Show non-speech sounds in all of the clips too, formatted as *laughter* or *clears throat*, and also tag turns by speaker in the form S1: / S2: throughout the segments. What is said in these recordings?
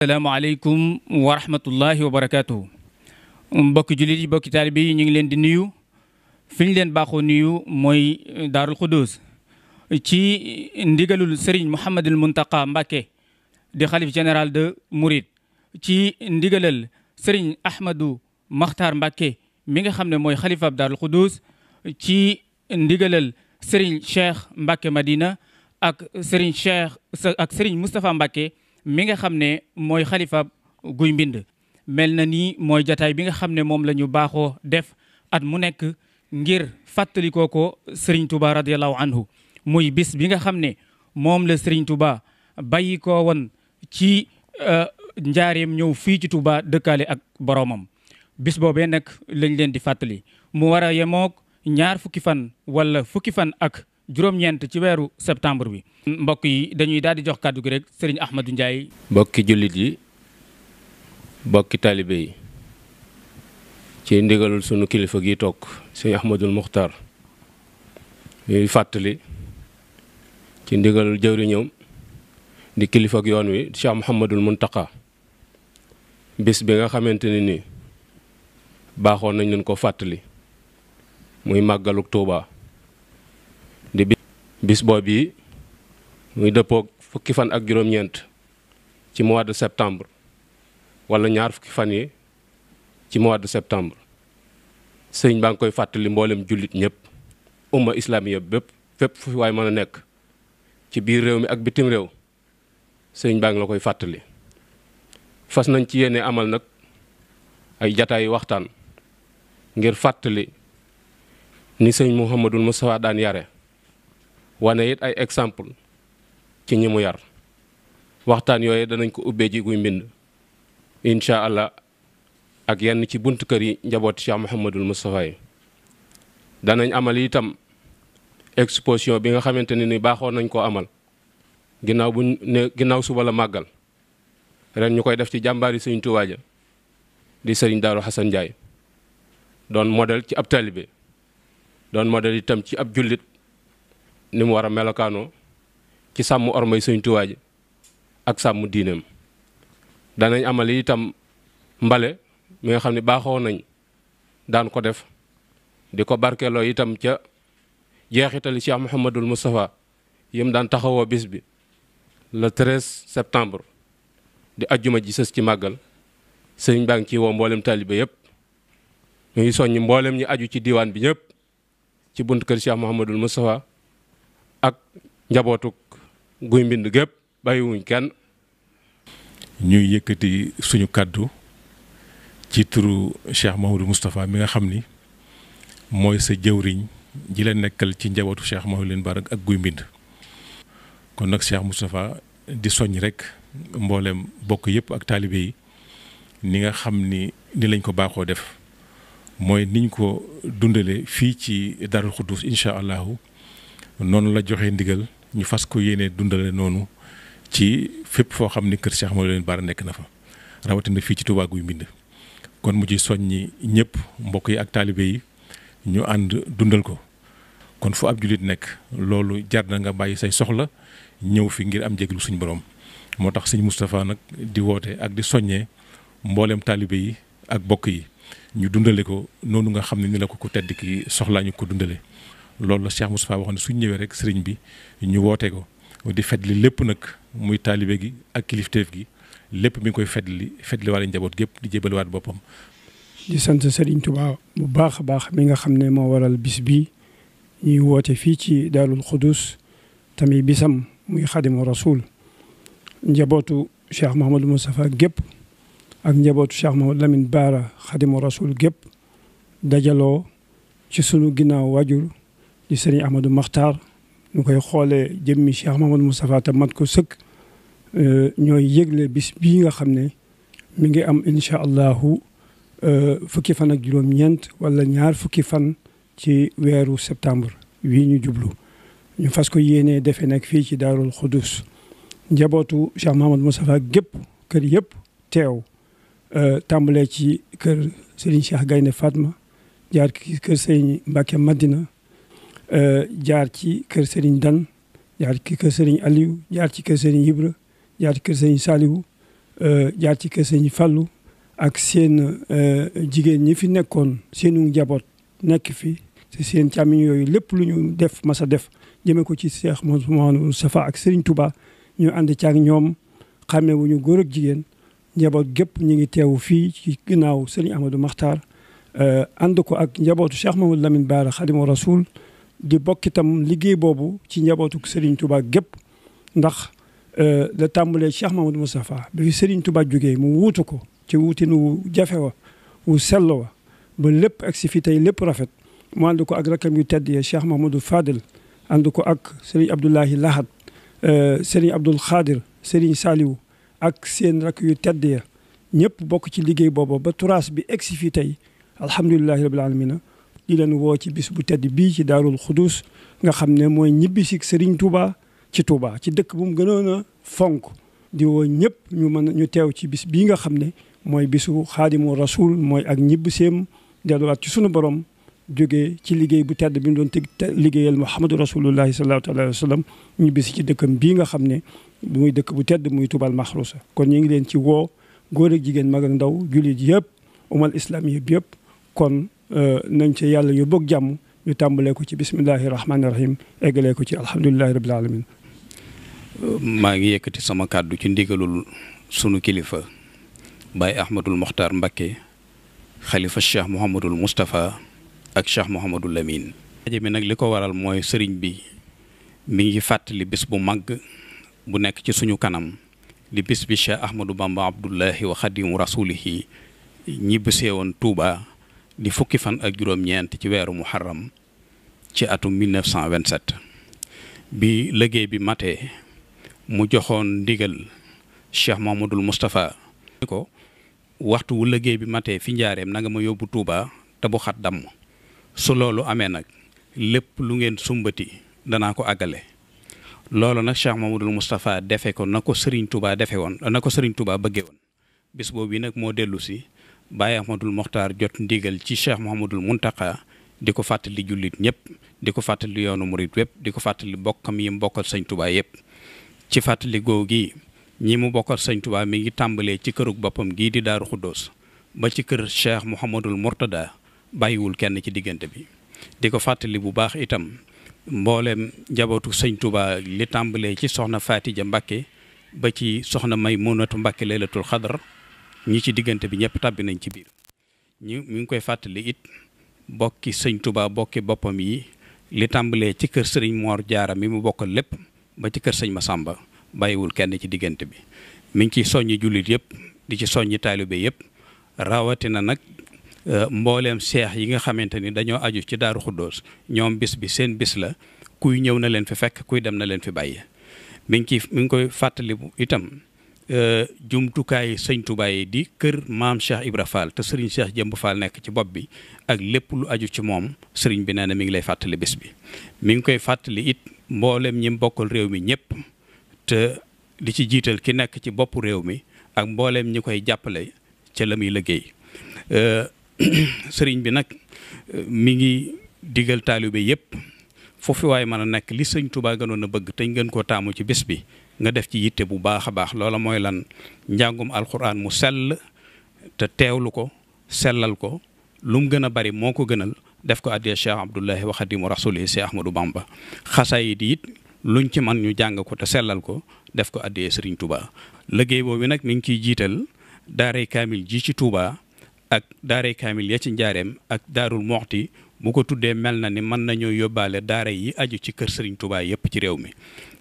S1: asalaamaaleykum wa rahmatullahi wa barakaatu. mbokki jullit yi mbokki taalibe yi ñu ngi leen di nuyu fi leen baaxoo nuyu mooy daarul xudus ci ndigalul Serigne Mouhamadul Muntaqa Mbacke di xalif général de Mouride ci ndigalal Serigne Ahmadou Makhtar Mbacke mi nga xam ne mooy xalifab daarul xudus ci ndigalal Serigne Cheikh Mbacke Madina ak Serigne Cheikh ak Serigne Moustapha Mbacke. mi nga xam ne mooy xalifa guy mbind mel na nii mooy jataay bi nga xam ne moom la ñu baaxoo def at mu nekk ngir fàttalikoo ko tubaa Touba radiallahu anhu muy bis bi nga xam ne moom la sëriñ tubaa bàyyi ko woon ci euh, njaareem ñëw fii ci Touba dëkkaale ak boroomam bis boobee nag lañ leen di fàttali mu war yemoog ñaar fukki fan wala fukki fan ak juróom-ñeent ci weeru septembre bi. mbokk yi dañuy daal di jox kàddu gi rek sëriñ Ahmadou Ndiaye.
S2: mbokki jullit yi mbokki taalibe yi ci ndigalul sunu kilifa gi toog sëriñ Ahmadul Muxtaar ñuy fàttali ci ndigalul jëwriñam di kilifa ak yoon wi Cheikh Mouhamadul Muntaqa bis bi nga xamante ne nii baaxoon nañ leen ko fàttali muy màggaluk Tuubaa di bis boo bii muy dëppoog fukki fan ak juróom-ñeent ci mois de septembre wala ñaar fukki fan yi ci mois de septembre sëñ baa ngi koy fàttali mboolem jullit ñëpp umma islamiya bépp fépp fu waay mën a nekk ci biir réew mi ak bitim réew sëñ baa ngi la koy fàttali fas nañ ci yéene amal nag ay jataayu waxtaan ngir fàttali ni sëñ Mouhamadul Moustapha daan yare wane it ay exemple ci ñi mu yar waxtaan yooyu danañ ko ubbee ji guy mbind incha allah ak yenn ci bunt kër yi njaboot Cheikh Mouhamadul Moustapha yi danañ amal itam exposition bi nga xamante ne ni baaxoon nañ koo amal ginnaaw bu ne ginnaaw suba la màggal ren ñu koy def ci jàmbaari sëriñ Tuubaa ja di sëriñ Daaru Xasan Njaay doon modèle ci ab taalibe doon modèle itam ci ab jullit ni mu war a melokaanoo ci sàmm ormay Sëñ Tuubaa ak sàmm diineem danañ amal itam mbale mi nga xam ne baaxoo nañ daan ko def di ko barkeeloo itam ca jeexitali Cheikh Mouhamadul Moustapha yim daan taxawoo bis bi le 13 septembre di ajjuma ji sës ci màggal sëñ baa ngi ciy woo mboolem taalibe yëpp mu ngi soññ mboolem ñi aju ci diiwaan bi ñëpp ci bunt kër Cheikh Mouhamadul Moustapha njabootuk guy mbind gépp bàyyiwuñ kenn
S3: ñuy yëkkati suñu kàddu ci turu Cheikh Mahamadou Moustapha mi nga xam ni mooy sa jëwriñ ji la nekkal ci njabootu Cheikh Mahamadou leen Barak ak guy mbind kon nag Cheikh Moustapha di soññ rek mboolem bokk yëpp ak taalibe yi ni nga xam ni ni lañ ko baaxoo def mooy niñ ko dundale fii ci Darou Khoudoss incha allahu noonu la joxe ndigal ñu fas ko yéene dundale noonu ci fépp foo xam ni kër Cheikh Mawlana leen Bara nekk na fa rawatina fii ci Touba Guy Mbind kon mu ci soññi ñëpp mbokk yi ak taalibe yi ñu ànd dundal ko kon fu ab jullit nekk loolu jar na nga bàyyi say soxla ñëw fi ngir am jéglu suñ borom moo tax suñ Moustapha nag di woote ak di soññee mboolem taalibe yi ak bokk yi ñu dundale ko noonu nga xam ne ni la ko ko tedd ki soxlaa ñu ko dundale loolu la Cheikh Moustapha waxoon ne suñ ñëwee rek sëriñ bi ñu woote ko di fetli lépp nag muy taalibe gi ak kilifteef gi lépp mu ngi koy fetli fetli waale njaboot gépp di jébaliwaat boppam.
S4: di sant Serigne Touba bu baax a baax mi nga xam ne moo waral bis bii ñuy woote fii ci Daarul Xudus tamit bisam muy xadimu rasul njabootu Cheikh Mouhamadou Moustapha gépp ak njabootu Cheikh Mouhamadou Lamine Baara xadimu rasul gépp dajaloo ci sunu ginnaaw waajur. di sëriñ Ahmadou Makhtar ñu koy xoolee jëmmi Cheikh Mamadou Moustapha te mat ko sëkk euh, ñoo yëgle bis bii nga xam ne mi ngi am incha allahu euh, fukki fan ak juróom-ñeent wala ñaar fukki fan ci weeru septembre wii ñu jublu ñu fas ko yéenee defee nag fii ci daarul xudus njabootu Cheikh Mamadou Moustapha gépp kër yëpp teew euh, tàmbalee ci kër Serigne Cheikh Gaynde Fatma jaar kër Serigne Mbacke Madina jaar ci kër Serigne Dan jaar ci kër Serigne Aliou jaar ci kër Serigne Ibra jaar ci kër Serigne Saliou jaar ci kër Serigne Fallou ak seen jigéen ñi fi nekkoon seenu njaboot nekk fi te seen càmmiñ yooyu lépp lu ñu def masa def jëmee ko ci Cheikh Mouhamadou Safa Touba ñu ànd ci ak ñoom xàmmee wu ñu góor ak jigéen njaboot gépp ñu ngi teewu fii ci ginnaaw Serigne Amadou Makhtar ànd ko ak njabootu Cheikh Mamadou Lamine Bara Khadimou Rasoul di bokk itam liggéey boobu ci njabootu Serigne Touba gépp ndax euh, la tàmbalee Cheikh Mamadou Moustapha bi Serigne Touba jógee mu wuutu ko ci wuutinu wu jafewa wa wu sell wa ba lépp ak si fi tey lépp rafet mu ànd ko ak rakam yu tedd ya Cheikh ànd ko ak Serigne Abdoulahi Lahad euh, Serigne Abdoul Khadir Serigne Saliou ak seen rak yu tedd ya ñëpp bokk ci liggéey boobu ba turaas bi egg fii tey alhamdulilahi rabbil alamina di leen woo ci bis bu tedd bii ci daarul xudus nga xam ne mooy ñibbisi Serigne Touba ci Touba ci dëkk bu mu gënoon fonk di woo ñëpp ñu mën ñu teew ci bis bii nga xam ne mooy bisu xaadimu rasul mooy ak ñibbiseem delluwaat ci sunu borom jógee ci liggéey bu tedd bi mu doon liggéeyal Muhammadu rasulullahi sallallahu alayhi wa sallam ñibbisi ci dëkkam bii nga xam ne muy dëkk bu tedd muy Touba al Mahrousa kon ñu ngi leen ci woo góor ak jigéen mag ak ndaw jullit yëpp umal islam yëpp yëpp kon Euh, nañ ci yàlla yu bëgg jàmm ñu tàmbalee ko ci bismillahi rahmaani rahim eggalee ko ci alhamdulilahi rabil alamin
S5: maa ngi yëkkati sama kàddu ci ndigalul sunu kilifa Baye Ahmadul Mokhtar Mbacké xalifa Cheikh Mouhamadul Moustapha ak Cheikh Mouhamadul Lamine. rajo nag li ko waral mooy sëriñ bi mu ngi fàttali bis bu màgg bu nekk ci suñu kanam di bis bi Cheikh Ahmadou Bamba Abdullahi wa xadimu rasulihi ñibbisee woon Touba. di fukki fan ak juróom-ñeent ci weeru muharram ci atum 1927 bi liggéey bi matee mu joxoon ndigal Cheikh Mahmoudul Moustapha ko waxtu wu liggéey bi matee fi njaareem na nga ma yóbbu Touba te bu xat damm su loolu amee nag lépp lu ngeen sumbati danaa ko àggale loolu nag Cheikh Mahmoudul Moustapha defe ko na ko sëriñ Touba defe woon na ko Serigne Touba bëggee woon bis boobu nag moo dellusi Baye Ahmadul Mokhtar jot ndigal ci Cheikh Mouhamadul Mountakha di ko fàttali jullit ñëpp di ko fàttali yoonu murit wépp di ko fàttali bokkam yi mu bokkal sëñ yëpp ci fàttali googu gi ñi mu bokkal sëñ mi ngi tàmbalee ci kërug boppam gii di Daaru Xuddoos ba ci kër Cheikh Mouhamadul Mourtada bàyyiwul kenn ci diggante bi di ko fàttali bu baax itam mboolem njabootu sëñ Tuubaa li tàmbalee ci soxna Faatija Mbàkke ba ci soxna Maymunatu Mbàkke Laylatul Xadar ñi ci diggante bi ñëpp tàbbi nañ ci biir ñu mu ngi koy fàttali it bokki sëñ Touba bokki boppam yi li tàmbalee ci kër sëriñ Mor Jaara mi mu bokkal lépp ba ci kër sëñ Masamba bàyyiwul kenn ci diggante bi mi ngi ciy soññi jullit yëpp di ci soññi taalibe yëpp rawatina nag e, mbooleem seex yi nga xamante ni dañoo aju ci Daaru Xuddoos ñoom bis bi seen bis la kuy ñëw na leen fi fekk kuy dem na leen fi bàyyi mi ngi ciy mi ngi koy fàttali itam Euh, jumtukaay sëñ Tuubaa yi di kër maam Cheikh Ibra Fall te sëriñ Cheikh Jëmb Fall nekk ci bopp bi ak lépp lu aju ci moom sëriñ bi nee na mi ngi lay fàttali bés bi mi ngi koy fàttali it mboolem ñi bokkal réew mi ñëpp di ci jiital ki nekk ci bopp réew mi ak mbooleem ñi koy jàppale ca la muy liggéey euh, sëriñ *clears throat* bi nag euh, mi ngi digal taalibe yëpp foofu waay mën a nekk li sëñ Tuubaa gënoon a bëgg te ñu gën koo taamu ci bés bi nga def ci yitte bu baax a baax loola mooy lan njàngum alxuraan mu sell te teewlu ko sellal ko lu mu gën a bari moo ko gënal def ko addee Cheikh Abdullahi wa Xadimu Rasuli Cheikh Ahmadou Bamba xasaayid it luñ ci man ñu jàng ko te sellal ko def ko addee Serigne Touba. liggéey boobu nag mi ngi ciy jiital daaray kaamil ji ci Touba ak daaray kaamil yee ci njaareem ak daarul moxti bu ko tuddee mel na ni mën nañoo yóbbaale daara yi aju ci kër Serigne Touba yépp ci réew mi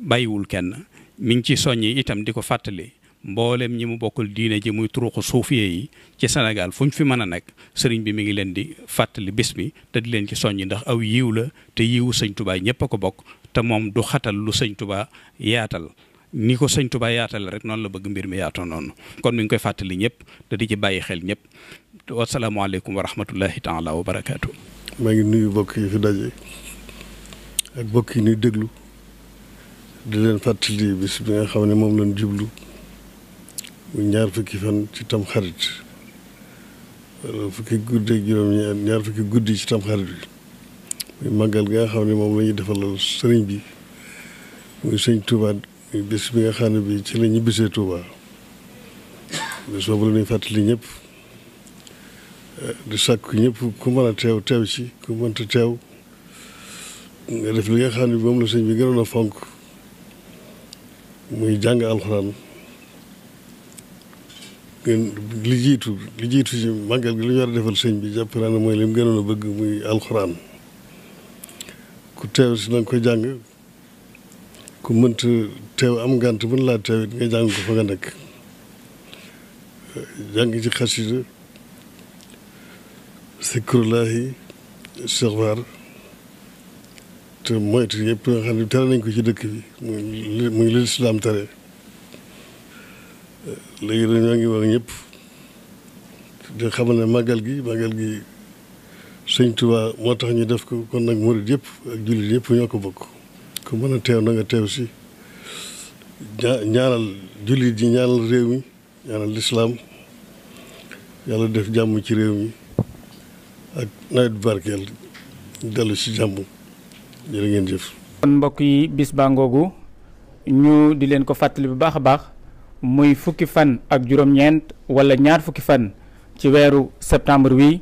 S5: bàyyiwul kenn. mi ngi ci soññi itam di ko fàttali mbooleem ñi mu bokkul diine ji muy turuxu suufiye yi ci senegal fu ñu fi mën a nekk sëriñ bi mi ngi leen di fàttali bis bi te leen ci soññi ndax aw yiw la te yiwu sañ Tuubaa ñëpp a ko bokk te moom du xatal lu sëñ Tuubaa yaatal ni ko sëñ tubaay yaatal rek noonu la bëgg mbir mi yaatoo noonu kon mi ngi koy fàttali ñëpp te di ci bàyyi xel ñëpp wasalaamaaleykum wa rahmatullahi taala wa barakaatu.
S6: maa ngi nuyu mbokk yi fi daje ñuy déglu. di leen fàttali bis bi nga xam ne moom lañ jublu mu ñaar fukki fan ci tam xarit wala fukki guddi ak juróom-ñaar fukki guddi ci tam xarit bi muy màggal gi nga xam ne moom la ñuy defalal sëriñ bi muy sëñ Touba muy bis bi nga xam ne bi ci la ñu bisee Touba bis boobu la fàttali ñëpp di sàkku ñëpp ku mën a teew teew ci ku mënta teew nga def li nga xam ne bi moom la sëñ bi gënoon a fonk muy jàng alxuraan li jiitu li jiitu ci màggal gi lu ñu war bi jàpp naa ne mooy li mu bëgg muy alxuraan ku teew si na nga ko jàng ku mënt teew am ngànt mën laa teew it nga jàng ko fa nga nekk jàng ci xasida sikrullaahi sixfaar te moytu yëpp nga xam ne tere nañ ko ci dëkk bi muy muy li lislaam tere léegi nag ñoo ngi war ñëpp di xamal ne màggal gi màggal gi sëñ Tuubaa moo tax ñu def ko kon nag murit yëpp ak yëpp ñoo ko bokk. ku mën a teew na nga teew si ñaanal jullit ji ñaanal réew mi ñaanal lislaam yàlla def jàmm ci réew mi ak nawet barkeel dellu si jàmm. jërë mbokk yi bis bàngoogu
S1: ñu di leen ko fàttali bu baax a baax muy fukki fan ak juróom-ñeent wala ñaar fukki fan ci weeru septembre wi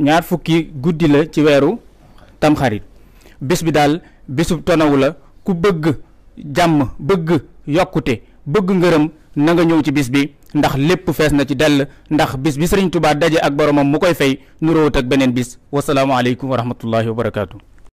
S1: ñaar fukki guddi la ci weeru tamxarit bés bi daal bésu tonawu la ku bëgg jàmm bëgg yokkute bëgg ngërëm na nga ñëw ci bis bi ndax lépp fees na ci dell ndax bis bi sëriñ Tuubaa daje ak boromam mu koy fay nuróowut ak beneen bis wasalaamaaleykum wa rahmatullahi wa barakaatu.